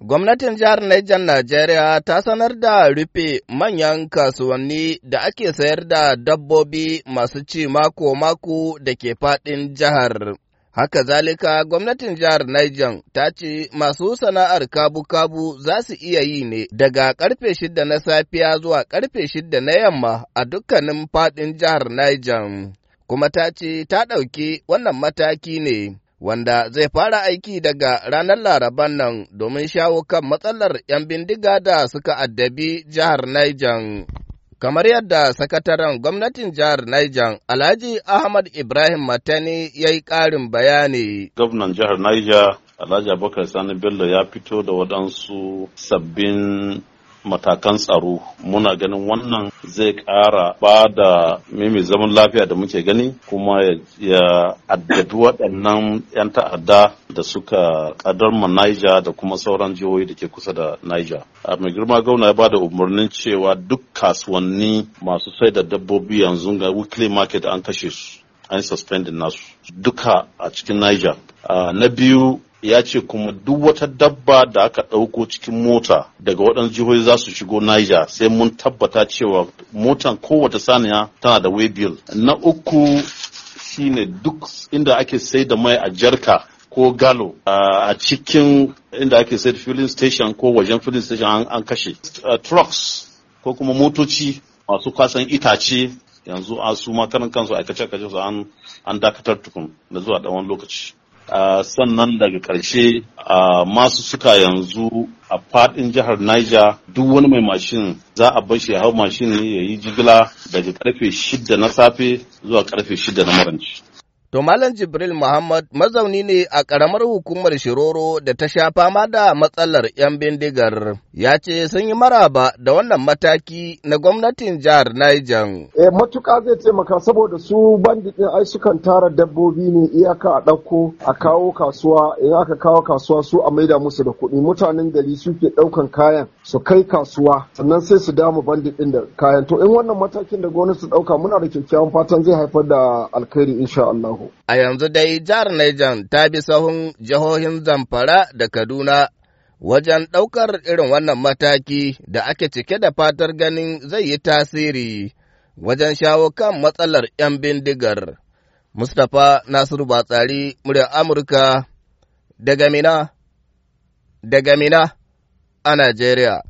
Gwamnatin jihar Niger Najeriya ta sanar da rufe manyan kasuwanni da ake sayar da dabbobi masu ci mako-mako da ke faɗin jihar. Haka zalika gwamnatin jihar Niger ta ce masu sana'ar kabu-kabu za su iya yi ne daga karfe shida na safiya zuwa karfe shida na yamma a dukkanin faɗin jihar Niger. Kuma ta ce ta ɗauki wannan mataki ne. wanda zai fara aiki daga ranar Laraban nan domin shawo kan matsalar 'yan bindiga da suka addabi jihar Niger. Kamar yadda sakataren gwamnatin jihar Niger Alhaji Ahmad Ibrahim Matani ya yi ƙarin bayani. Gwamnan jihar Niger Alhaji Abubakar Sani Bello ya fito da waɗansu sabbin matakan tsaro muna ganin wannan zai ƙara ba da mimi zaman lafiya da muke gani kuma ya addabi waɗannan 'yan ta'adda da suka ƙadar ma Niger da kuma sauran jihohi da ke kusa da Niger. A mai girma gauna ya ba da umarnin cewa duk kasuwanni masu sai da dabbobi yanzu ga weekly market an kashe su. an suspendin nasu duka a cikin Niger. Uh, na biyu ya ce kuma duk wata dabba da aka ɗauko cikin mota daga waɗansu jihohi za su shigo Niger sai mun tabbata cewa motan kowace saniya tana da waybill na uku shine duk inda ake sai da mai a jarka ko galo a cikin inda ake sai da filin station ko wajen filin station an kashe trucks ko kuma motoci masu kwasan itace yanzu a su makarin kansu aikace-aikace su an dakatar tukun da zuwa ɗan lokaci Ah, sannan daga ƙarshe ah, masu suka yanzu a faɗin jihar Niger duk wani mai mashin za a bar shi hau mashin ya yi jigila daga karfe shida na safe zuwa karfe shida na maranci. To Malam Jibril Muhammad mazauni ne a ƙaramar hukumar Shiroro da ta sha fama da matsalar 'yan bindigar. Ya ce sun yi maraba da wannan mataki na gwamnatin jihar Niger. E matuƙa zai taimaka saboda su bandit ai sukan tara dabbobi ne iyaka a ɗauko a kawo kasuwa in aka kawo kasuwa su a maida musu da kuɗi mutanen gari suke ɗaukan kayan su kai kasuwa sannan sai su dama bandit da kayan. To in wannan matakin da gwamnati su ɗauka muna da kyakkyawan fatan zai haifar da alkhairi insha Allah. A yanzu dai jihar Niger ta bi sahun jihohin Zamfara da Kaduna wajen ɗaukar irin wannan mataki da ake cike da fatar ganin zai yi tasiri wajen shawo kan matsalar 'yan bindigar. Mustapha Nasiru Batsari, murya Amurka, daga Mina, daga Mina a Najeriya.